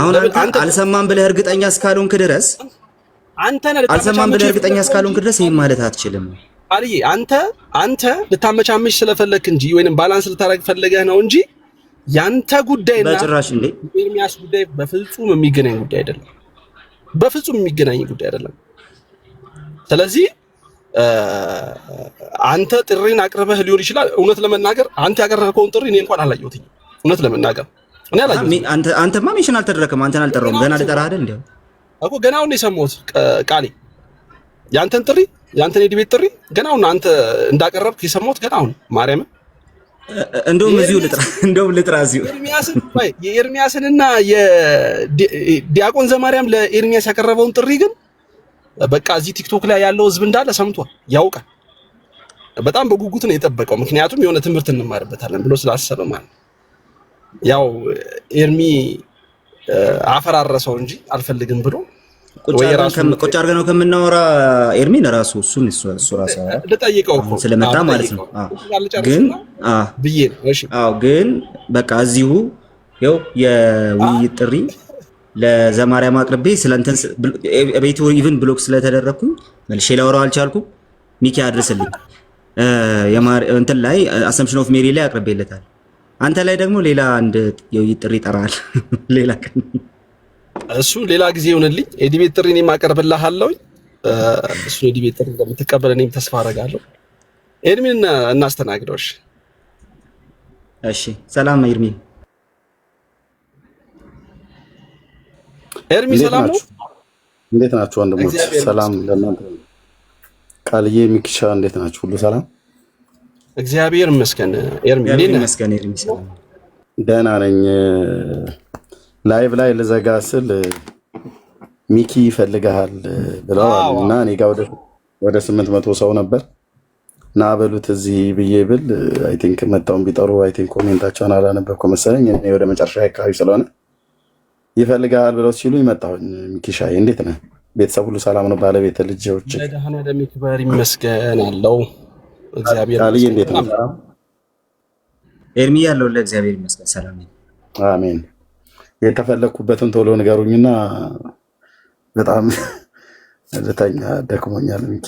አሁን አልሰማም ብለህ እርግጠኛ እስካልሆንክ ድረስ አንተ ነህ አልሰማም ብለህ እርግጠኛ እስካልሆንክ ድረስ ይሄን ማለት አትችልም። አልዬ አንተ አንተ ልታመቻመች ስለፈለክ እንጂ ወይንም ባላንስ ልታረግ ፈለገህ ነው እንጂ ያንተ ጉዳይ ጉዳይና በጭራሽ እንዴ ኤርሚያስ ጉዳይ በፍጹም የሚገናኝ ጉዳይ አይደለም። በፍጹም የሚገናኝ ጉዳይ አይደለም። ስለዚህ አንተ ጥሪን አቅርበህ ሊሆን ይችላል። እውነት ለመናገር አንተ ያቀረብከውን ጥሪ እኔ እንኳን አላየሁትኝ እውነት ለመናገር አንተማ ሜሽን አልተደረከም። አንተን አልጠራሁም። ገና ልጠራህ አይደል? እንዲያው እኮ ገና አሁን የሰማሁት ቃሌ የአንተን ጥሪ የአንተን የዲቤት ጥሪ ገና አሁን አንተ እንዳቀረብክ የሰማሁት ገና አሁን ማርያምን እንደውም እዚሁ ልጥራ እንደውም ልጥራ እዚሁ የኤርሚያስንና የዲያቆን ዘማርያም ለኤርሚያስ ያቀረበውን ጥሪ ግን በቃ እዚህ ቲክቶክ ላይ ያለው ህዝብ እንዳለ ሰምቷል፣ ያውቃል። በጣም በጉጉት ነው የጠበቀው። ምክንያቱም የሆነ ትምህርት እንማርበታለን ብሎ ስላሰበ ማለት ነው። ያው ኤርሚ አፈራረሰው እንጂ አልፈልግም ብሎ ቁጭ አድርገን ነው ከምናወራ ኤርሚን ራሱ እሱን እሱ ራሱ ልጠይቀው ስለመጣ ማለት ነው። ግን ብዬ ግን በቃ እዚሁ ው የውይይት ጥሪ ለዘማሪያም አቅርቤ ስለንተን ቤት ኢቭን ብሎክ ስለተደረግኩኝ መልሼ ላወራው አልቻልኩም። ሚኪ አድርስልኝ እንትን ላይ አሰምፕሽን ኦፍ ሜሪ ላይ አቅርቤለታል። አንተ ላይ ደግሞ ሌላ አንድ የውይይት ጥሪ ይጠራል። ሌላ ቀን እሱ ሌላ ጊዜ ይሁንልኝ። የዲቤት ጥሪ እኔም አቀርብልሃለሁ። እሱ የዲቤት ጥሪ እንደምትቀበል እኔም ተስፋ አደርጋለሁ። ኤድሚን እናስተናግደው። እሺ፣ ሰላም ኤድሚ፣ ኤድሚ ሰላም ነው። እንዴት ናችሁ ወንድሞች? ሰላም ለእናንተ። ቃልዬ፣ ሚኪሻ እንዴት ናችሁ? ሁሉ ሰላም እግዚአብሔር ይመስገን። ኤርሚ ደህና ነኝ። ላይቭ ላይ ልዘጋ ስል ሚኪ ይፈልግሃል ብለዋል እና እኔ ጋ ወደ ስምንት መቶ ሰው ነበር እና በሉት እዚህ ብዬ ብል አይ ቲንክ መጣውን ቢጠሩ አይ ቲንክ ኮሜንታቸውን አላነበብኩ መሰለኝ። እኔ ወደ መጨረሻ አካባቢ ስለሆነ ይፈልጋል ብለው ሲሉ ይመጣሁኝ። ሚኪሻይ እንዴት ነህ? ቤተሰብ ሁሉ ሰላም ነው? ባለቤት ልጆች ደህና ለሚክበር ይመስገን አለው እግዚአብሔር ኤርሚ ያለው ለእግዚአብሔር ይመስገን ሰላም አሜን። የተፈለግኩበትን ቶሎ ንገሩኝና በጣም ልተኛ ደክሞኛል። ሚኪ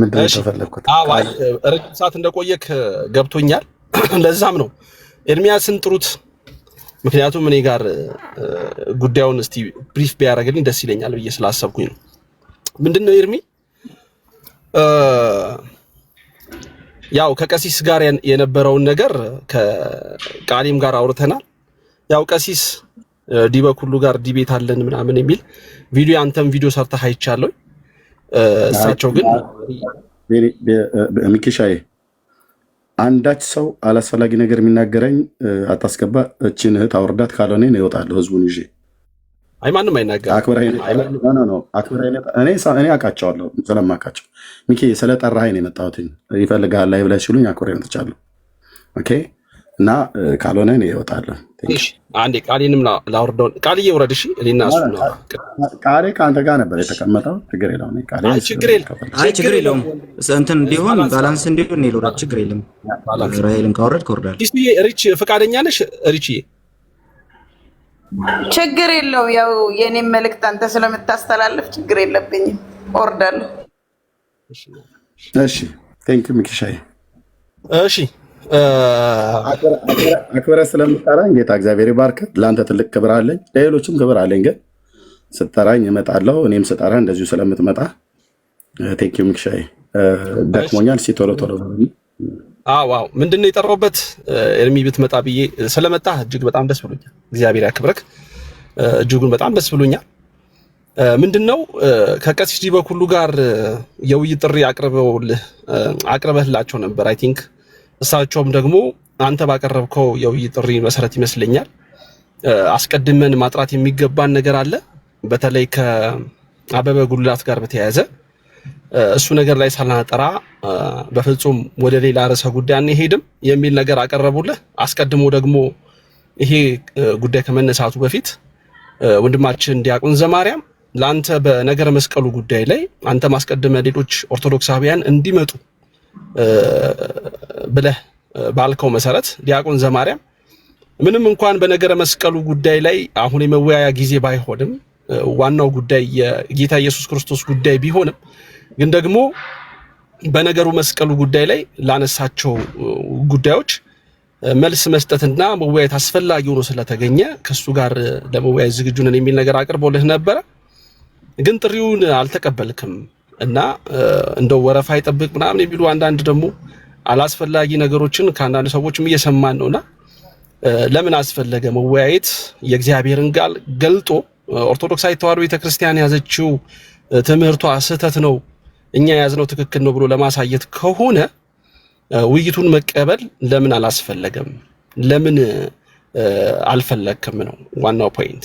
ምንድን የተፈለግኩት? ረጅም ሰዓት እንደቆየክ ገብቶኛል። ለዛም ነው ኤርሚያስን ጥሩት። ምክንያቱም እኔ ጋር ጉዳዩን እስቲ ብሪፍ ቢያደርግልኝ ደስ ይለኛል ብዬ ስላሰብኩኝ ነው። ምንድን ነው ኤርሚ ያው ከቀሲስ ጋር የነበረውን ነገር ከቃሊም ጋር አውርተናል። ያው ቀሲስ ዲበክ ሁሉ ጋር ዲቤት አለን ምናምን የሚል ቪዲዮ አንተም ቪዲዮ ሰርተህ አይቻለሁ። እሳቸው ግን ሚኪሻዬ አንዳች ሰው አላስፈላጊ ነገር የሚናገረኝ አታስገባ። እችን እህት አውርዳት፣ ካልሆነ ነው ይወጣለሁ ህዝቡን ይዤ አይ ማንም አይናገርም። እኔ አውቃቸዋለሁ ስለማውቃቸው። ሚኪ ነው የመጣሁት። ይፈልግሃል ላይ ብለህ ሲሉኝ አክብሬ መጥቻለሁ። ኦኬ እና ካልሆነ እኔ እወጣለሁ። አንዴ ቃሌንም ላውርደውን። ቃልዬ ውረድ። እሺ እኔና እሱ ቃሌ ከአንተ ጋር ነበር የተቀመጠው። ችግር የለውም ችግር የለውም። እንትን እንዲሆን ባላንስ እንዲሆን ችግር የለም። ራይልም ካወረድ ከወርዳል። ሪች ፈቃደኛ ነሽ ሪችዬ? ችግር የለው። ያው የኔም መልእክት አንተ ስለምታስተላልፍ ችግር የለብኝም። ወርዳለሁ። እሺ ቴንክ ዩ ሚኪሻዬ። እሺ አክብረ ስለምጠራኝ ጌታ እግዚአብሔር ይባርክ። ለአንተ ትልቅ ክብር አለኝ፣ ለሌሎችም ክብር አለኝ። ግን ስጠራኝ እመጣለሁ፣ እኔም ስጠራ እንደዚሁ ስለምትመጣ ቴንክ ዩ ደክሞኛል። ሲቶሎ ቶሎ አዋው ምንድነው የጠራውበት ኤርሚ ብትመጣ ብዬ ስለመጣ እጅግ በጣም ደስ ብሎኛል። እግዚአብሔር ያክብረክ። እጅጉን በጣም ደስ ብሎኛል። ምንድነው ከቀሲስ ዲበኩሉ ጋር የውይይት ጥሪ አቅርበውልህ አቅርበህላቸው ነበር። አይ ቲንክ እሳቸውም ደግሞ አንተ ባቀረብከው የውይይት ጥሪ መሰረት ይመስለኛል አስቀድመን ማጥራት የሚገባን ነገር አለ። በተለይ ከአበበ ጉልላት ጋር በተያያዘ እሱ ነገር ላይ ሳናጠራ በፍጹም ወደ ሌላ ርዕሰ ጉዳይ አንሄድም የሚል ነገር አቀረቡልህ። አስቀድሞ ደግሞ ይሄ ጉዳይ ከመነሳቱ በፊት ወንድማችን ዲያቆን ዘማርያም ለአንተ በነገረ መስቀሉ ጉዳይ ላይ አንተ ማስቀድመ ሌሎች ኦርቶዶክሳውያን እንዲመጡ ብለህ ባልከው መሰረት ዲያቆን ዘማርያም ምንም እንኳን በነገረ መስቀሉ ጉዳይ ላይ አሁን የመወያያ ጊዜ ባይሆንም ዋናው ጉዳይ የጌታ ኢየሱስ ክርስቶስ ጉዳይ ቢሆንም ግን ደግሞ በነገሩ መስቀሉ ጉዳይ ላይ ላነሳቸው ጉዳዮች መልስ መስጠትና መወያየት አስፈላጊ ሆኖ ስለተገኘ ከሱ ጋር ለመወያየት ዝግጁ ነን የሚል ነገር አቅርቦልህ ነበረ። ግን ጥሪውን አልተቀበልክም እና እንደው ወረፋ ይጠብቅ ምናምን የሚሉ አንዳንድ ደግሞ አላስፈላጊ ነገሮችን ከአንዳንድ ሰዎችም እየሰማን ነውና ለምን አስፈለገ መወያየት? የእግዚአብሔርን ቃል ገልጦ ኦርቶዶክሳዊ ተዋሕዶ ቤተክርስቲያን ያዘችው ትምህርቷ ስህተት ነው እኛ የያዝነው ትክክል ነው ብሎ ለማሳየት ከሆነ ውይይቱን መቀበል ለምን አላስፈለገም? ለምን አልፈለግክም ነው ዋናው ፖይንት።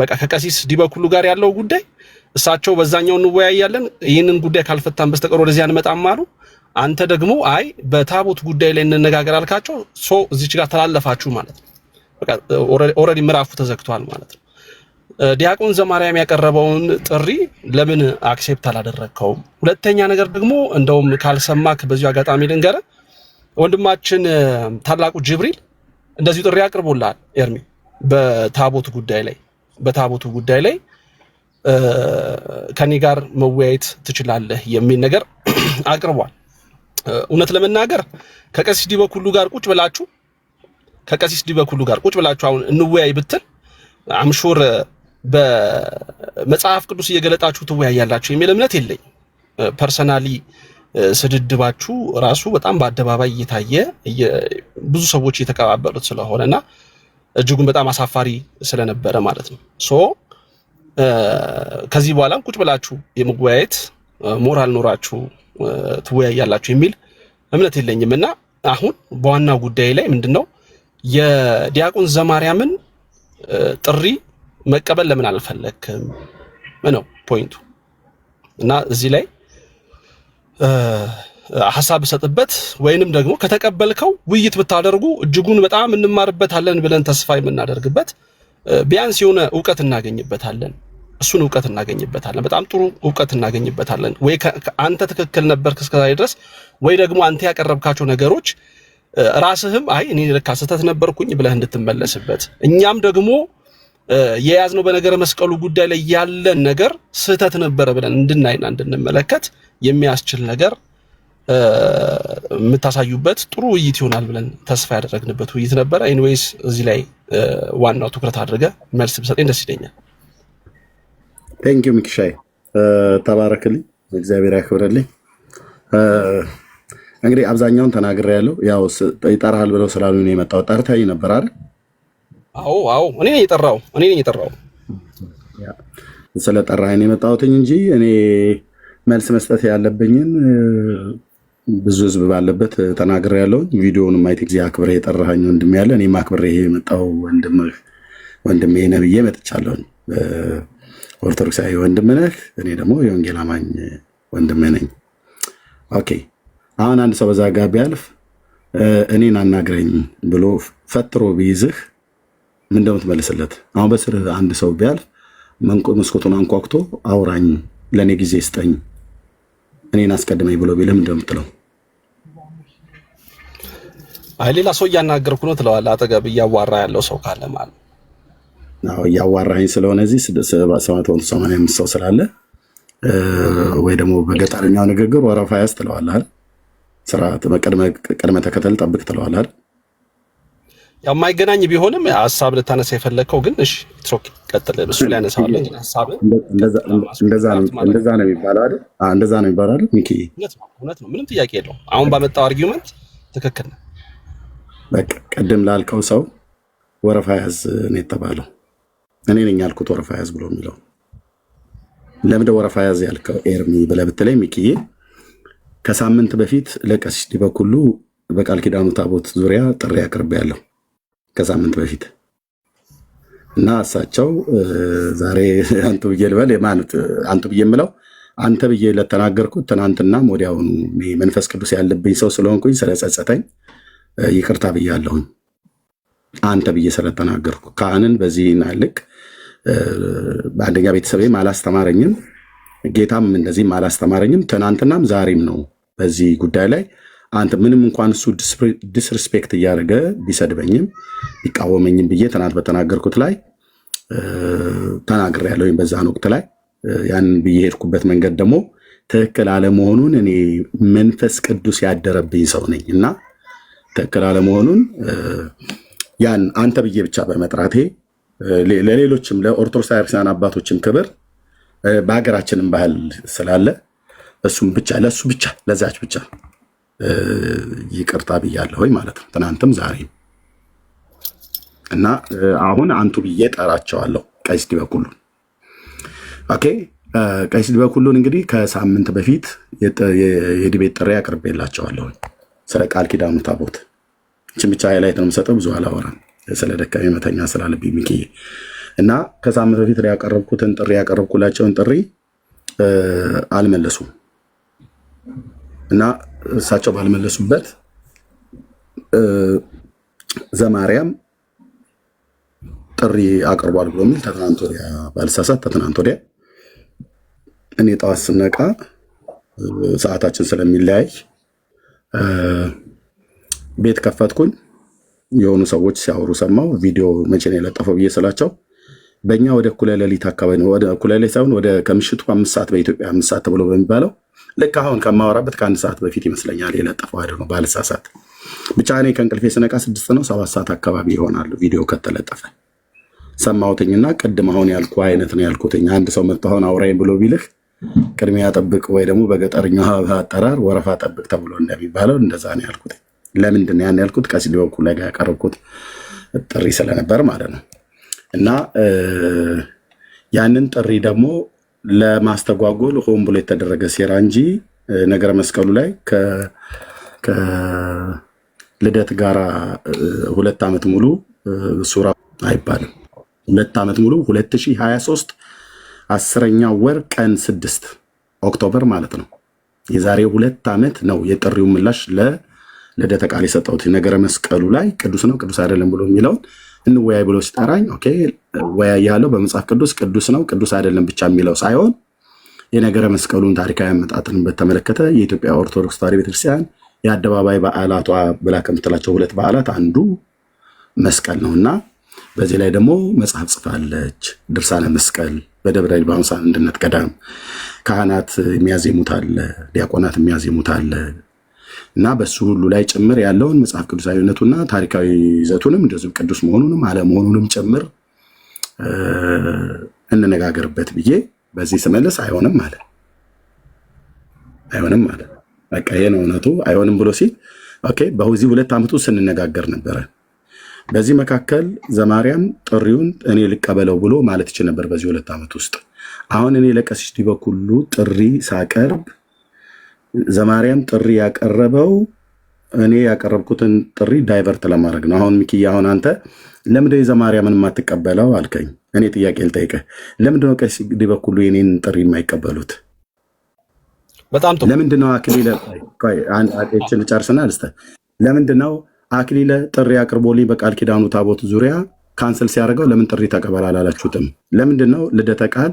በቃ ከቀሲስ ዲበኩሉ ጋር ያለው ጉዳይ እሳቸው በዛኛው እንወያያለን፣ ይህንን ጉዳይ ካልፈታን በስተቀር ወደዚህ አንመጣም አሉ። አንተ ደግሞ አይ በታቦት ጉዳይ ላይ እንነጋገር አልካቸው። ሶ እዚች ጋር ተላለፋችሁ ማለት ነው። ኦልሬዲ ምዕራፉ ተዘግቷል ማለት ነው። ዲያቆን ዘማርያም ያቀረበውን ጥሪ ለምን አክሴፕት አላደረግከውም? ሁለተኛ ነገር ደግሞ እንደውም ካልሰማክ በዚሁ አጋጣሚ ልንገረ ወንድማችን ታላቁ ጅብሪል እንደዚሁ ጥሪ አቅርቦላል ኤርሚ በታቦት ጉዳይ ላይ በታቦቱ ጉዳይ ላይ ከኔ ጋር መወያየት ትችላለህ የሚል ነገር አቅርቧል። እውነት ለመናገር ከቀሲስ ዲበኩሉ ጋር ቁጭ ብላችሁ ከቀሲስ ዲበኩሉ ጋር ቁጭ ብላችሁ አሁን እንወያይ ብትል አምሹር በመጽሐፍ ቅዱስ እየገለጣችሁ ትወያያላችሁ የሚል እምነት የለኝ። ፐርሰናሊ ስድድባችሁ ራሱ በጣም በአደባባይ እየታየ ብዙ ሰዎች እየተቀባበሉት ስለሆነና እጅጉን በጣም አሳፋሪ ስለነበረ ማለት ነው። ሶ ከዚህ በኋላም ቁጭ ብላችሁ የመወያየት ሞራል ኖራችሁ ትወያያላችሁ የሚል እምነት የለኝም እና አሁን በዋናው ጉዳይ ላይ ምንድን ነው የዲያቆን ዘማርያምን ጥሪ መቀበል ለምን አልፈለክም ነው ፖይንቱ። እና እዚህ ላይ ሀሳብ ሰጥበት ወይንም ደግሞ ከተቀበልከው ውይይት ብታደርጉ እጅጉን በጣም እንማርበታለን ብለን ተስፋ የምናደርግበት ቢያንስ የሆነ እውቀት እናገኝበታለን። እሱን እውቀት እናገኝበታለን። በጣም ጥሩ እውቀት እናገኝበታለን። ወይ አንተ ትክክል ነበርክ እስከዛሬ ድረስ፣ ወይ ደግሞ አንተ ያቀረብካቸው ነገሮች ራስህም አይ እኔ ልካ ስህተት ነበርኩኝ ብለህ እንድትመለስበት እኛም ደግሞ የያዝነው በነገረ መስቀሉ ጉዳይ ላይ ያለን ነገር ስህተት ነበረ ብለን እንድናይና እንድንመለከት የሚያስችል ነገር የምታሳዩበት ጥሩ ውይይት ይሆናል ብለን ተስፋ ያደረግንበት ውይይት ነበረ። ኢንዌይስ እዚህ ላይ ዋናው ትኩረት አድርገ መልስ ብሰጠኝ ደስ ይለኛል። ቴንኪዩ ሚክሻይ፣ ተባረክልኝ፣ እግዚአብሔር ያክብረልኝ። እንግዲህ አብዛኛውን ተናግሬ ያለው ያው ይጠራሃል ብለው ስላሉ የመጣው ጠርተኸኝ ነበር አይደል? አዎ አዎ፣ እኔ ነኝ የጠራው እኔ ነኝ የጠራው ስለጠራኸኝ የመጣሁትኝ እንጂ እኔ መልስ መስጠት ያለብኝን ብዙ ህዝብ ባለበት ተናግሬ ያለውን ቪዲዮውን ማየት ጊዜ አክብሬ የጠራኸኝ ወንድም ያለ እኔ ይሄ የመጣው ወንድም ይሄ ነብዬ መጥቻለሁኝ። ኦርቶዶክሳዊ ወንድም ነህ፣ እኔ ደግሞ የወንጌል አማኝ ወንድም ነኝ። ኦኬ አሁን አንድ ሰው በዛ ጋር ቢያልፍ እኔን አናግረኝ ብሎ ፈጥሮ ቢይዝህ ምን እንደምትመልስለት አሁን በስር አንድ ሰው ቢያልፍ መስኮቱን አንኳኩቶ አውራኝ፣ ለእኔ ጊዜ ስጠኝ፣ እኔን አስቀድመኝ ብሎ ቢልም ምን እንደምትለው? አይ ሌላ ሰው እያናገርኩ ነው ትለዋለህ። አጠገብ እያዋራ ያለው ሰው ካለ ማለት ነው። እያዋራኝ ስለሆነ እዚህ ሰባት መቶ ሰማንያ አምስት ሰው ስላለ ወይ ደግሞ በገጠርኛው ንግግር ወረፋ ያዝ ትለዋለህ። ስርዓት ቅድመ ተከተል ጠብቅ ትለዋለህ። ያው የማይገናኝ ቢሆንም ሀሳብ ልታነሳ የፈለግከው ግን እሺ፣ ትሮክ ቀጥል። እሱ ላይ ያነሳዋለሁ ግን እንደዛ ነው የሚባለው አይደል? እንደዛ ነው የሚባለው አይደል? ሚኪ እውነት ነው፣ ምንም ጥያቄ የለውም። አሁን ባመጣው አርጊመንት ትክክል ነው። በቃ ቅድም ላልከው ሰው ወረፋ ያዝ ነው የተባለው። እኔ ነኝ ያልኩት ወረፋ ያዝ ብሎ የሚለው ለምደ ወረፋ ያዝ ያልከው ኤርሚ ብለህ ብትለኝ ሚኪዬ ከሳምንት በፊት ለቀሲስ ዲበኩሉ በቃል ኪዳኑ ታቦት ዙሪያ ጥሪ አቅርቤያለሁ ከሳምንት በፊት እና እሳቸው ዛሬ አንቱ ብዬ ልበል አንቱ ብዬ የምለው አንተ ብዬ ለተናገርኩት ትናንትና ወዲያውኑ መንፈስ ቅዱስ ያለብኝ ሰው ስለሆንኩኝ ስለጸጸተኝ ይቅርታ ብያለሁኝ። አንተ ብዬ ስለተናገርኩ ካህንን በዚህ ናልቅ በአንደኛ ቤተሰብም አላስተማረኝም፣ ጌታም እንደዚህም አላስተማረኝም። ትናንትናም ዛሬም ነው በዚህ ጉዳይ ላይ አንተ ምንም እንኳን እሱ ዲስሪስፔክት እያደረገ ቢሰድበኝም ቢቃወመኝም ብዬ ትናንት በተናገርኩት ላይ ተናግሬ ያለው በዛን ወቅት ላይ ያን ብዬ ሄድኩበት መንገድ ደግሞ ትክክል አለመሆኑን እኔ መንፈስ ቅዱስ ያደረብኝ ሰው ነኝ እና ትክክል አለመሆኑን ያን አንተ ብዬ ብቻ በመጥራቴ ለሌሎችም ለኦርቶዶክስ ክርስቲያን አባቶችም ክብር በሀገራችንም ባህል ስላለ እሱም ብቻ ለእሱ ብቻ ለዛች ብቻ ይቅርታ ብያለሁኝ ማለት ነው። ትናንትም ዛሬም እና አሁን አንቱ ብዬ ጠራቸዋለሁ። ቀሲስ ዲበኩሉን ኦኬ። ቀሲስ ዲበኩሉን እንግዲህ ከሳምንት በፊት የዲቤት ጥሪ አቅርቤላቸዋለሁኝ ስለ ቃል ኪዳኑ ታቦት። ይህችን ብቻ ሃይላይት ነው የምሰጠው፣ ብዙ አላወራም ስለ ደካሜ መተኛ ስላለብኝ ሚክዬ እና ከሳምንት በፊት ያቀረብኩትን ጥሪ ያቀረብኩላቸውን ጥሪ አልመለሱም እና እሳቸው ባልመለሱበት ዘማርያም ጥሪ አቅርቧል ብሎ የሚል ተትናንት ወዲያ ባልሳሳት ተትናንት ወዲያ እኔ ጠዋት ስነቃ ሰዓታችን ስለሚለያይ ቤት ከፈትኩኝ። የሆኑ ሰዎች ሲያወሩ ሰማው ቪዲዮ መቼ ነው የለጠፈው ብዬ ስላቸው በእኛ ወደ እኩለ ሌሊት አካባቢ ነው። ወደ እኩለ ሌሊት ሳይሆን ወደ ከምሽቱ አምስት ሰዓት በኢትዮጵያ አምስት ሰዓት ተብሎ በሚባለው ልክ አሁን ከማወራበት ከአንድ ሰዓት በፊት ይመስለኛል የለጠፈው አይደል ነው ባልሳሳት። ብቻ እኔ ከእንቅልፌ ስነቃ ስድስት ነው ሰባት ሰዓት አካባቢ ይሆናሉ ቪዲዮ ከተለጠፈ ሰማሁትኝና ቅድም አሁን ያልኩ አይነት ነው ያልኩትኝ። አንድ ሰው መጥቶ አሁን አውራኝ ብሎ ቢልህ ቅድሚያ ጠብቅ ወይ ደግሞ በገጠርኛ አጠራር ወረፋ ጠብቅ ተብሎ እንደሚባለው እንደዛ ነው ያልኩት። ለምንድን ያን ያልኩት ቀሲስ ሊወኩ ላይ ያቀረብኩት ጥሪ ስለነበር ማለት ነው። እና ያንን ጥሪ ደግሞ ለማስተጓጎል ሆን ብሎ የተደረገ ሴራ እንጂ ነገረ መስቀሉ ላይ ከልደት ጋር ሁለት ዓመት ሙሉ ሱራ አይባልም። ሁለት ዓመት ሙሉ 2023 አስረኛው ወር ቀን ስድስት ኦክቶበር ማለት ነው። የዛሬ ሁለት ዓመት ነው የጥሪው ምላሽ ለልደተ ቃል የሰጠሁት ነገረ መስቀሉ ላይ ቅዱስ ነው ቅዱስ አይደለም ብሎ የሚለውን እንወያይ ብሎ ሲጠራኝ ኦኬ ወያይ ያለው በመጽሐፍ ቅዱስ ቅዱስ ነው ቅዱስ አይደለም ብቻ የሚለው ሳይሆን የነገረ መስቀሉን ታሪካዊ አመጣጥን በተመለከተ የኢትዮጵያ ኦርቶዶክስ ተዋሕዶ ቤተክርስቲያን የአደባባይ በዓላቷ ብላ ከምትላቸው ሁለት በዓላት አንዱ መስቀል ነው እና በዚህ ላይ ደግሞ መጽሐፍ ጽፋለች። ድርሳነ መስቀል በደብረ ሊባኖስ አንድነት ገዳም ካህናት የሚያዜሙት አለ፣ ዲያቆናት የሚያዜሙት አለ። እና በሱ ሁሉ ላይ ጭምር ያለውን መጽሐፍ ቅዱሳዊነቱና ታሪካዊ ይዘቱንም እንደዚሁም ቅዱስ መሆኑንም አለመሆኑንም ጭምር እንነጋገርበት ብዬ በዚህ ስመለስ አይሆንም አለ። አይሆንም አለ። በቃ ይሄ ነው እውነቱ። አይሆንም ብሎ ሲል ኦኬ፣ በዚህ ሁለት ዓመቱ ስንነጋገር ነበረ። በዚህ መካከል ዘማሪያም ጥሪውን እኔ ልቀበለው ብሎ ማለት ይችል ነበር። በዚህ ሁለት ዓመት ውስጥ አሁን እኔ ለቀሲስ ዲበኩሉ ጥሪ ሳቀርብ ዘማሪያም ጥሪ ያቀረበው እኔ ያቀረብኩትን ጥሪ ዳይቨርት ለማድረግ ነው። አሁን ሚኪ፣ አሁን አንተ ለምንድን የዘማሪያምን የማትቀበለው አልከኝ። እኔ ጥያቄ ልጠይቅህ፣ ለምንድን ነው ቀሲስ በኩሉ የኔን ጥሪ የማይቀበሉት? በጣም ጥሩ። ለምንድን ነው አክሊለ ጨርስና ልስተ ለምንድን ነው አክሊለ ጥሪ አቅርቦልኝ በቃል ኪዳኑ ታቦት ዙሪያ ካንስል ሲያደርገው ለምን ጥሪ ተቀበል አላላችሁትም? ለምንድን ነው ልደተ ቃል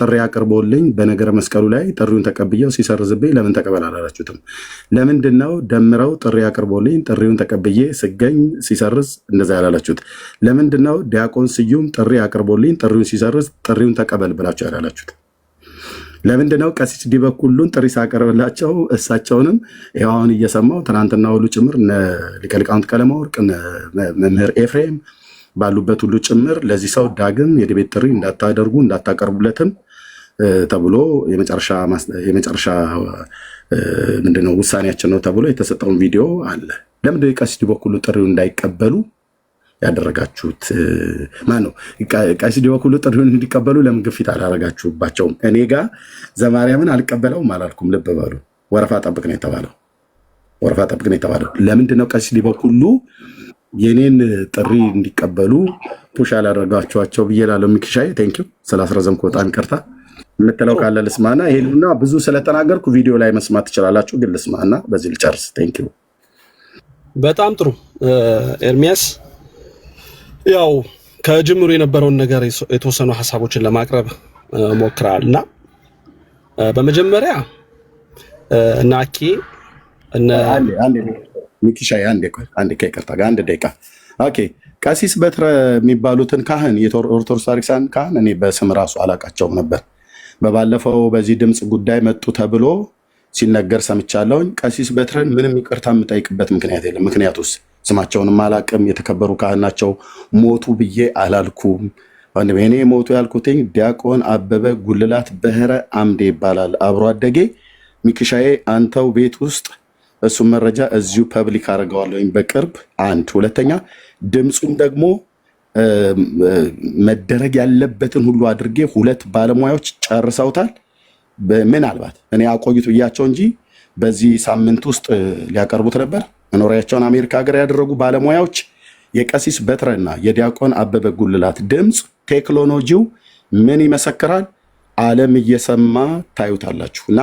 ጥሪ አቅርቦልኝ በነገረ መስቀሉ ላይ ጥሪውን ተቀብየው ሲሰርዝብኝ ለምን ተቀበል አላላችሁትም? ለምንድን ነው ደምረው ጥሪ አቅርቦልኝ ጥሪውን ተቀብዬ ስገኝ ሲሰርዝ እንደዛ ያላላችሁት? ለምንድን ነው ዲያቆን ስዩም ጥሪ አቅርቦልኝ ጥሪውን ሲሰርዝ ጥሪውን ተቀበል ብላችሁ ያላላችሁት? ለምንድን ነው ቀሲስ ዲበኩሉን ጥሪ ሳቀርብላቸው እሳቸውንም ይኸው አሁን እየሰማው ትናንትና ሁሉ ጭምር ሊቀ ሊቃውንት ቀለማወርቅ መምህር ኤፍሬም ባሉበት ሁሉ ጭምር ለዚህ ሰው ዳግም የዲቤት ጥሪ እንዳታደርጉ እንዳታቀርቡለትም ተብሎ የመጨረሻ ምንድነው ውሳኔያችን ነው ተብሎ የተሰጠውን ቪዲዮ አለ። ለምንድ ነው ቀሲስ ጥሪውን እንዳይቀበሉ ያደረጋችሁት? ነው? ቀሲስ በኩሉ ጥሪውን እንዲቀበሉ ለምን ግፊት እኔ ጋ ዘማርያምን አልቀበለውም አላልኩም። ልብ በሉ። ወረፋ ጠብቅ ነው የተባለው። ወረፋ ጠብቅ ነው የተባለው። ለምንድነው ነው በኩሉ የኔን ጥሪ እንዲቀበሉ ፑሽ ያላደረጋችኋቸው ብዬ ላለው ሚክሻዬ ቴንክ ዩ ስላስረዘምኩ በጣም ይቅርታ። የምትለው ካለ ልስማና ይሄና ብዙ ስለተናገርኩ ቪዲዮ ላይ መስማት ትችላላችሁ፣ ግን ልስማና በዚህ ልጨርስ። ቴንክ በጣም ጥሩ ኤርሚያስ፣ ያው ከጅምሩ የነበረውን ነገር የተወሰኑ ሀሳቦችን ለማቅረብ ሞክራል እና በመጀመሪያ ናኬ ሚኪሻ አንድ ይቅርታ፣ አንድ ደቂቃ ኦኬ። ቀሲስ በትረ የሚባሉትን ካህን የኦርቶዶክስ ታሪክሳን ካህን እኔ በስም ራሱ አላቃቸውም ነበር። በባለፈው በዚህ ድምፅ ጉዳይ መጡ ተብሎ ሲነገር ሰምቻለሁኝ። ቀሲስ በትረን ምንም ይቅርታ የምጠይቅበት ምክንያት የለም። ምክንያቱስ ስማቸውንም አላቅም፣ የተከበሩ ካህን ናቸው። ሞቱ ብዬ አላልኩም። እኔ ሞቱ ያልኩትኝ ዲያቆን አበበ ጉልላት በህረ አምዴ ይባላል አብሮ አደጌ ሚኪሻዬ አንተው ቤት ውስጥ እሱ መረጃ እዚሁ ፐብሊክ አድርገዋለሁኝ በቅርብ አንድ። ሁለተኛ ድምፁን ደግሞ መደረግ ያለበትን ሁሉ አድርጌ ሁለት ባለሙያዎች ጨርሰውታል። ምናልባት እኔ አቆዩት ብያቸው እንጂ በዚህ ሳምንት ውስጥ ሊያቀርቡት ነበር። መኖሪያቸውን አሜሪካ ሀገር ያደረጉ ባለሙያዎች የቀሲስ በትረና የዲያቆን አበበ ጉልላት ድምፅ ቴክኖሎጂው ምን ይመሰክራል? አለም እየሰማ ታዩታላችሁ እና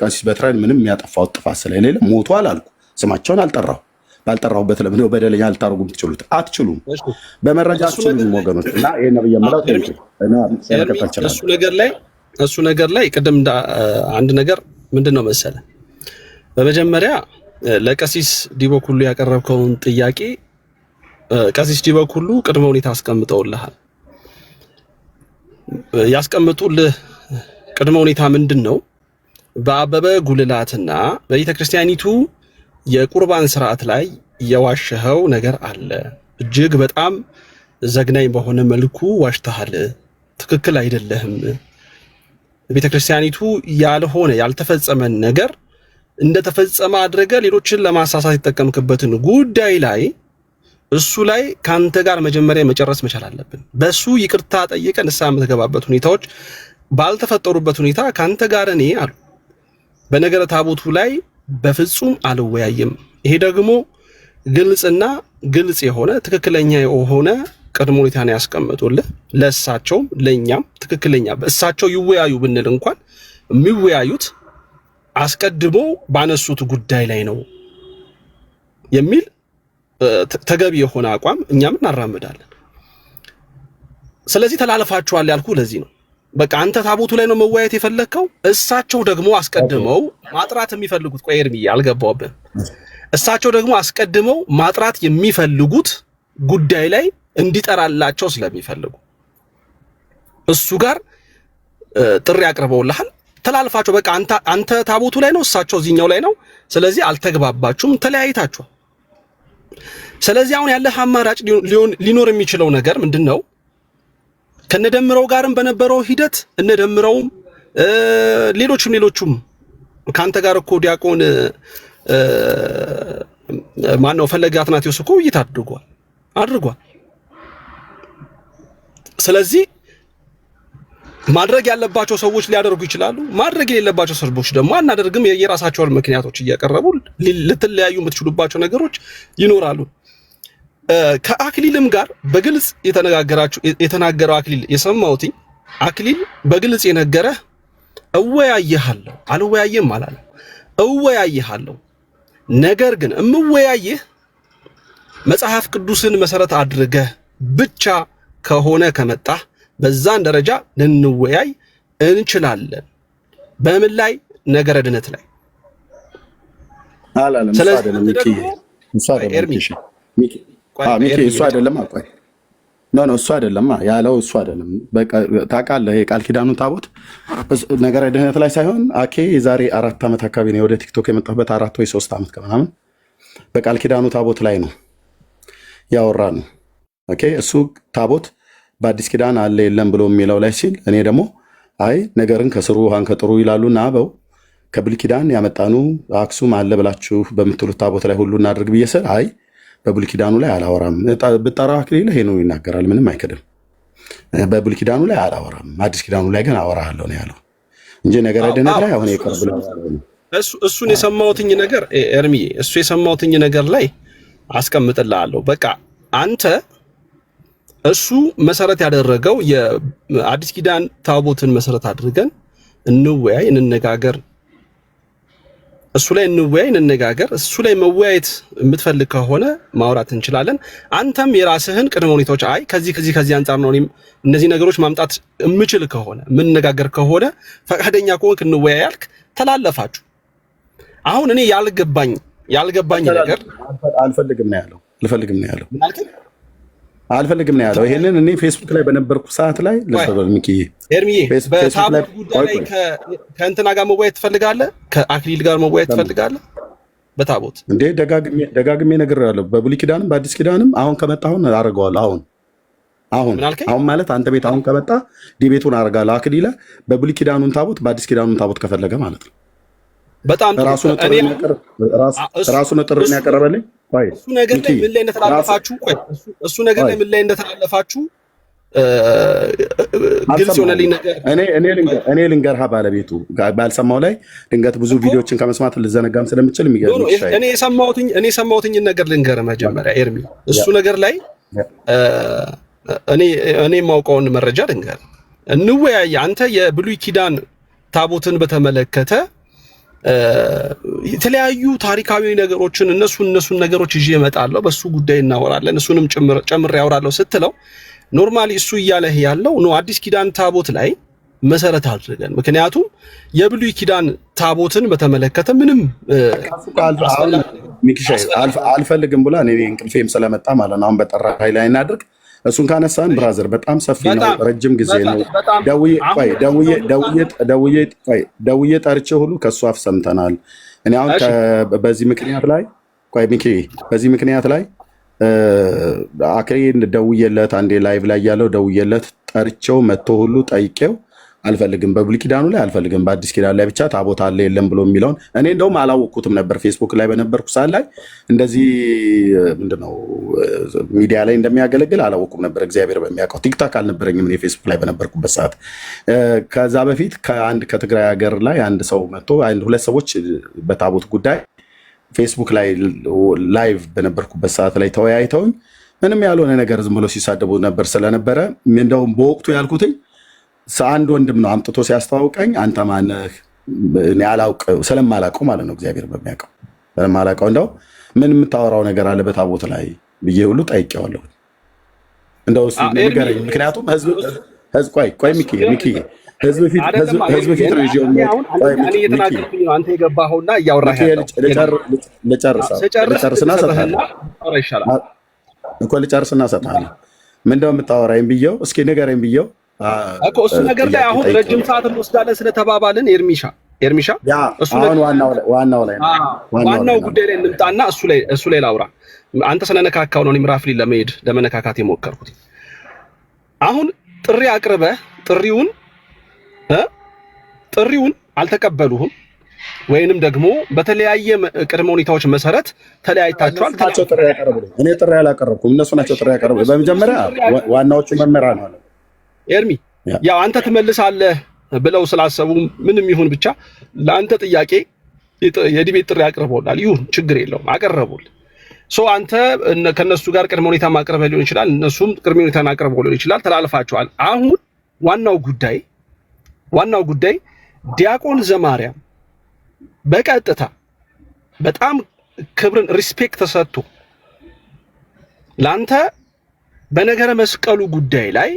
ቀሲስ በትራን ምንም የሚያጠፋው ጥፋት ስለሌለ ሞቷል አልኩ። ስማቸውን አልጠራሁ። ባልጠራሁበት ለምን በደለኛ ልታደርጉ ትችሉት አትችሉም። በመረጃ አትችሉም ወገኖች። እና ይህ ነው የምለው። እሱ ነገር ላይ እሱ ነገር ላይ ቅድም አንድ ነገር ምንድን ነው መሰለ፣ በመጀመሪያ ለቀሲስ ዲበኩሉ ያቀረብከውን ጥያቄ ቀሲስ ዲበኩሉ ቅድመ ሁኔታ አስቀምጠውልሃል። ያስቀምጡልህ ቅድመ ሁኔታ ምንድን ነው? በአበበ ጉልላትና በቤተ ክርስቲያኒቱ የቁርባን ስርዓት ላይ የዋሸኸው ነገር አለ። እጅግ በጣም ዘግናኝ በሆነ መልኩ ዋሽተሃል። ትክክል አይደለህም። ቤተ ክርስቲያኒቱ ያልሆነ ያልተፈጸመን ነገር እንደተፈጸመ አድረገ ሌሎችን ለማሳሳት የጠቀምክበትን ጉዳይ ላይ እሱ ላይ ከአንተ ጋር መጀመሪያ መጨረስ መቻል አለብን። በሱ ይቅርታ ጠይቀን እሳ የምትገባበት ሁኔታዎች ባልተፈጠሩበት ሁኔታ ከአንተ ጋር እኔ አሉ በነገረ ታቦቱ ላይ በፍጹም አልወያይም። ይሄ ደግሞ ግልጽና ግልጽ የሆነ ትክክለኛ የሆነ ቅድመ ነው ያስቀምጡልህ ለእሳቸውም ለእኛም ትክክለኛ እሳቸው ይወያዩ ብንል እንኳን የሚወያዩት አስቀድሞ ባነሱት ጉዳይ ላይ ነው የሚል ተገቢ የሆነ አቋም እኛም እናራምዳለን። ስለዚህ ተላልፋችኋል ያልኩ ለዚህ ነው። በቃ አንተ ታቦቱ ላይ ነው መወያየት የፈለግከው። እሳቸው ደግሞ አስቀድመው ማጥራት የሚፈልጉት ቆይ ኤርምዬ እሳቸው ደግሞ አስቀድመው ማጥራት የሚፈልጉት ጉዳይ ላይ እንዲጠራላቸው ስለሚፈልጉ እሱ ጋር ጥሪ አቅርበውልሃል። ተላልፋቸው በቃ አንተ ታቦቱ ላይ ነው፣ እሳቸው እዚህኛው ላይ ነው። ስለዚህ አልተግባባችሁም፣ ተለያይታችኋል። ስለዚህ አሁን ያለህ አማራጭ ሊኖር የሚችለው ነገር ምንድን ነው? ከነደምረው ጋርም በነበረው ሂደት እነደምረውም ሌሎቹም ሌሎቹም ከአንተ ጋር እኮ ዲያቆን ማነው ፈለገ አትናቴዎስ እኮ ውይይት አድርጓል አድርጓል። ስለዚህ ማድረግ ያለባቸው ሰዎች ሊያደርጉ ይችላሉ። ማድረግ የሌለባቸው ሰዎች ደግሞ አናደርግም የየራሳቸውን ምክንያቶች እያቀረቡ ልትለያዩ የምትችሉባቸው ነገሮች ይኖራሉ። ከአክሊልም ጋር በግልጽ የተነጋገራችሁ የተናገረው አክሊል የሰማሁትኝ አክሊል በግልጽ የነገረ እወያየሃለሁ አልወያየም አላለም። እወያየሃለሁ ነገር ግን እምወያየህ መጽሐፍ ቅዱስን መሰረት አድርገህ ብቻ ከሆነ ከመጣ በዛን ደረጃ ልንወያይ እንችላለን። በምን ላይ? ነገረ ድነት ላይ አላለም። እሱ አይደለም አቆይ ኖ ኖ እሱ አይደለም ያለው እሱ አይደለም። ታውቃለህ የቃል ኪዳኑ ታቦት ነገረ ድህነት ላይ ሳይሆን አኬ የዛሬ አራት ዓመት አካባቢ ነው ወደ ቲክቶክ የመጣበት አራት ወይ ሶስት ዓመት ከምናምን በቃል ኪዳኑ ታቦት ላይ ነው ያወራ ነው። ኦኬ እሱ ታቦት በአዲስ ኪዳን አለ የለም ብሎ የሚለው ላይ ሲል እኔ ደግሞ አይ ነገርን ከስሩ ውሃን ከጥሩ ይላሉና አበው ከብል ኪዳን ያመጣኑ አክሱም አለ ብላችሁ በምትሉት ታቦት ላይ ሁሉ እናድርግ ብዬ ስል አይ በብልኪዳኑ ኪዳኑ ላይ አላወራም ብጠራ አክሊለ ሄኖም ይናገራል። ምንም አይክድም። በብሉይ ኪዳኑ ላይ አላወራም፣ አዲስ ኪዳኑ ላይ ግን አወራለሁ ነው ያለው እንጂ ነገረ ድነት ላይ አሁን ይቀር ብለ እሱን የሰማሁትኝ ነገር ኤርሚዬ፣ እሱ የሰማሁትኝ ነገር ላይ አስቀምጥልሃለሁ። በቃ አንተ እሱ መሰረት ያደረገው የአዲስ ኪዳን ታቦትን መሰረት አድርገን እንወያይ፣ እንነጋገር እሱ ላይ እንወያይ፣ እንነጋገር። እሱ ላይ መወያየት የምትፈልግ ከሆነ ማውራት እንችላለን። አንተም የራስህን ቅድመ ሁኔታዎች አይ ከዚህ ከዚህ ከዚህ አንጻር ነው እኔም እነዚህ ነገሮች ማምጣት የምችል ከሆነ የምንነጋገር ከሆነ ፈቃደኛ ከሆንክ እንወያይ ያልክ ተላለፋችሁ። አሁን እኔ ያልገባኝ ያልገባኝ ነገር አልፈልግም ነው ያለው ልፈልግም ነው ያለው አልፈልግም ነው ያለው። ይሄንን እኔ ፌስቡክ ላይ በነበርኩ ሰዓት ላይ ልሰበር ኤርሚዬ፣ በታቦት ጉዳይ ላይ ከእንትና ጋር መወያየት ትፈልጋለህ? ከአክሊል ጋር መወያየት ትፈልጋለህ? በታቦት እንዴ ደጋግሜ እነግርሃለሁ። በብሉይ ኪዳንም በአዲስ ኪዳንም አሁን ከመጣ አሁን አደርገዋለሁ። አሁን አሁን አሁን ማለት አንተ ቤት አሁን ከመጣ ዲቤቱን አደርጋለሁ። አክሊለ በብሉይ ኪዳኑን ታቦት በአዲስ ኪዳኑን ታቦት ከፈለገ ማለት ነው በጣም ራሱ ያቀረበልኝ እሱ ነገር ላይ ምን ላይ እንደተላለፋችሁ እሱ ነገር ላይ ምን ላይ እንደተላለፋችሁ ግልጽ ነገር እኔ ልንገርሃ ባለቤቱ ባልሰማው ላይ ድንገት ብዙ ከመስማት ልዘነጋም ስለምችል እኔ የሰማሁትኝን ነገር ልንገር መጀመሪያ ኤርሚ እሱ ነገር ላይ እኔ የማውቀውን መረጃ ልንገር እንወያየ አንተ የብሉይ ኪዳን ታቦትን በተመለከተ የተለያዩ ታሪካዊ ነገሮችን እነሱ እነሱን ነገሮች ይዤ እመጣለሁ፣ በሱ ጉዳይ እናወራለን፣ እሱንም ጨምሬ ያወራለሁ ስትለው ኖርማሊ እሱ እያለህ ያለው ነው አዲስ ኪዳን ታቦት ላይ መሰረት አድርገን ምክንያቱም የብሉይ ኪዳን ታቦትን በተመለከተ ምንም አልፈልግም ብላ እንቅልፌም ስለመጣ ማለት ነው። አሁን በጠራ ላይ እናድርግ እሱን ካነሳን ብራዘር በጣም ሰፊ ነው፣ ረጅም ጊዜ ነው። ደውዬ ጠርቼ ሁሉ ከእሱ አፍ ሰምተናል። እኔ አሁን በዚህ ምክንያት ላይ ቆይ ሚኪ፣ በዚህ ምክንያት ላይ አክሬን ደውዬለት አንዴ ላይቭ ላይ ያለው ደውዬለት ጠርቼው መጥቶ ሁሉ ጠይቄው አልፈልግም በብሉይ ኪዳኑ ላይ አልፈልግም፣ በአዲስ ኪዳኑ ላይ ብቻ ታቦት አለ የለም ብሎ የሚለውን እኔ እንደውም አላወቅኩትም ነበር። ፌስቡክ ላይ በነበርኩ ሰዓት ላይ እንደዚህ ምንድነው ሚዲያ ላይ እንደሚያገለግል አላወቁም ነበር። እግዚአብሔር በሚያውቀው ቲክታክ አልነበረኝም እኔ ፌስቡክ ላይ በነበርኩበት ሰዓት። ከዛ በፊት ከአንድ ከትግራይ ሀገር ላይ አንድ ሰው መጥቶ ሁለት ሰዎች በታቦት ጉዳይ ፌስቡክ ላይ ላይቭ በነበርኩበት ሰዓት ላይ ተወያይተውኝ ምንም ያልሆነ ነገር ዝም ብሎ ሲሳደቡ ነበር ስለነበረ እንደውም በወቅቱ ያልኩትኝ አንድ ወንድም ነው አምጥቶ ሲያስተዋውቀኝ አንተ ማነህ? እኔ አላውቅም ስለማላውቀው ማለት ነው እግዚአብሔር በሚያውቀው ስለማላውቀው እንደው ምን የምታወራው ነገር አለ በታቦት ላይ ብዬ ሁሉ ጠይቄዋለሁ። እንደው ንገረኝ። ምክንያቱም ህዝብ ቆይ ቆይ ሚኪ ሚኪ ህዝብ ፊት አንተ የገባኸውና እያወራህ ልጨርስና እኮ ልጨርስና እሰጥሃለሁ። ምንድነው የምታወራኝ ብየው እስኪ ንገረኝ ብየው እኮ እሱ ነገር ላይ አሁን ረጅም ሰዓት እንወስዳለን ስለተባባልን ኤርሚሻ ኤርሚሻ ዋናው ላይ ዋናው ጉዳይ ላይ እንምጣና እሱ ላይ እሱ ላይ ላውራ። አንተ ስለነካካው ነው ምራፍሊ ለመሄድ ለመነካካት የሞከርኩት። አሁን ጥሪ አቅርበህ ጥሪውን ጥሪውን አልተቀበሉህም ወይንም ደግሞ በተለያየ ቅድመ ሁኔታዎች መሰረት ተለያይታችኋል። እኔ ጥሪ አላቀረብኩም፣ እነሱ ናቸው ጥሪ ያቀረቡ። በመጀመሪያ ዋናዎቹ መምህራን ነው ኤርሚ ያው አንተ ትመልሳለህ ብለው ስላሰቡ ምንም ይሁን ብቻ ለአንተ ጥያቄ የዲቤት ጥሪ አቅርበውላል። ይሁን ችግር የለውም አቀረቡል። ሶ አንተ ከነሱ ጋር ቅድመ ሁኔታ ማቅረብ ሊሆን ይችላል፣ እነሱም ቅድመ ሁኔታን አቅርበው ሊሆን ይችላል። ተላልፋቸዋል። አሁን ዋናው ጉዳይ ዋናው ጉዳይ ዲያቆን ዘማርያም በቀጥታ በጣም ክብርን ሪስፔክት ተሰጥቶ ለአንተ በነገረ መስቀሉ ጉዳይ ላይ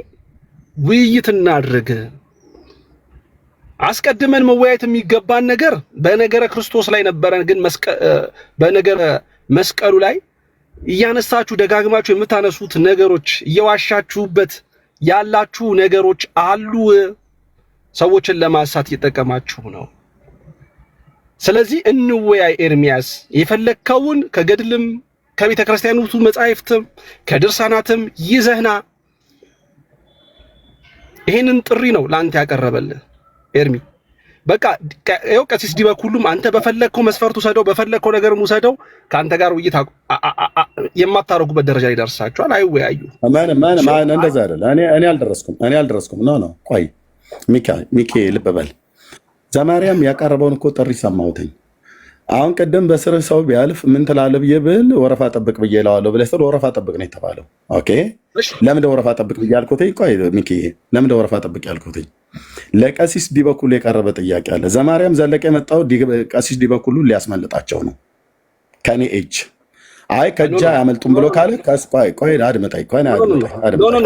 ውይይት እናድርግ። አስቀድመን መወያየት የሚገባን ነገር በነገረ ክርስቶስ ላይ ነበረ። ግን በነገረ መስቀሉ ላይ እያነሳችሁ ደጋግማችሁ የምታነሱት ነገሮች እየዋሻችሁበት ያላችሁ ነገሮች አሉ። ሰዎችን ለማሳት እየጠቀማችሁ ነው። ስለዚህ እንወያይ። ኤርሚያስ የፈለግከውን ከገድልም ከቤተ መጻሕፍትም ከድርሳናትም ይዘህና ይሄንን ጥሪ ነው ለአንተ ያቀረበልህ ኤርሚ። በቃ ይኸው ቀሲስ ዲበክ ሁሉም አንተ በፈለግከው መስፈርቱ ሰደው በፈለግከው ነገር ውሰደው። ከአንተ ጋር ውይይት የማታረጉበት ደረጃ ላይ አይወያዩ። እንደዛ አይደለ። እኔ አልደረስኩም፣ እኔ አልደረስኩም። ኖ ኖ፣ ቆይ ሚኬ ልብ በል። ዘማርያም ያቀረበውን እኮ ጥሪ ሰማሁትኝ አሁን ቅድም በስር ሰው ቢያልፍ ምን ትላለህ ብዬ ብል ወረፋ ጠብቅ ብዬ እለዋለሁ ብለህ ስትል ወረፋ ጠብቅ ነው የተባለው። ኦኬ ለምን ወረፋ ጠብቅ ብዬ አልኩትኝ? ቆይ ሚኪዬ ለምን ወረፋ ጠብቅ ያልኩትኝ? ለቀሲስ ዲበኩሉ የቀረበ ጥያቄ አለ። ዘማርያም ዘለቀ የመጣው ቀሲስ ዲበኩሉ ሊያስመልጣቸው ነው ከኔ እጅ። አይ ከእጃ አያመልጡም ብሎ ካለ ቆይ አድምጠኝ፣ ቆይ አድምጠኝ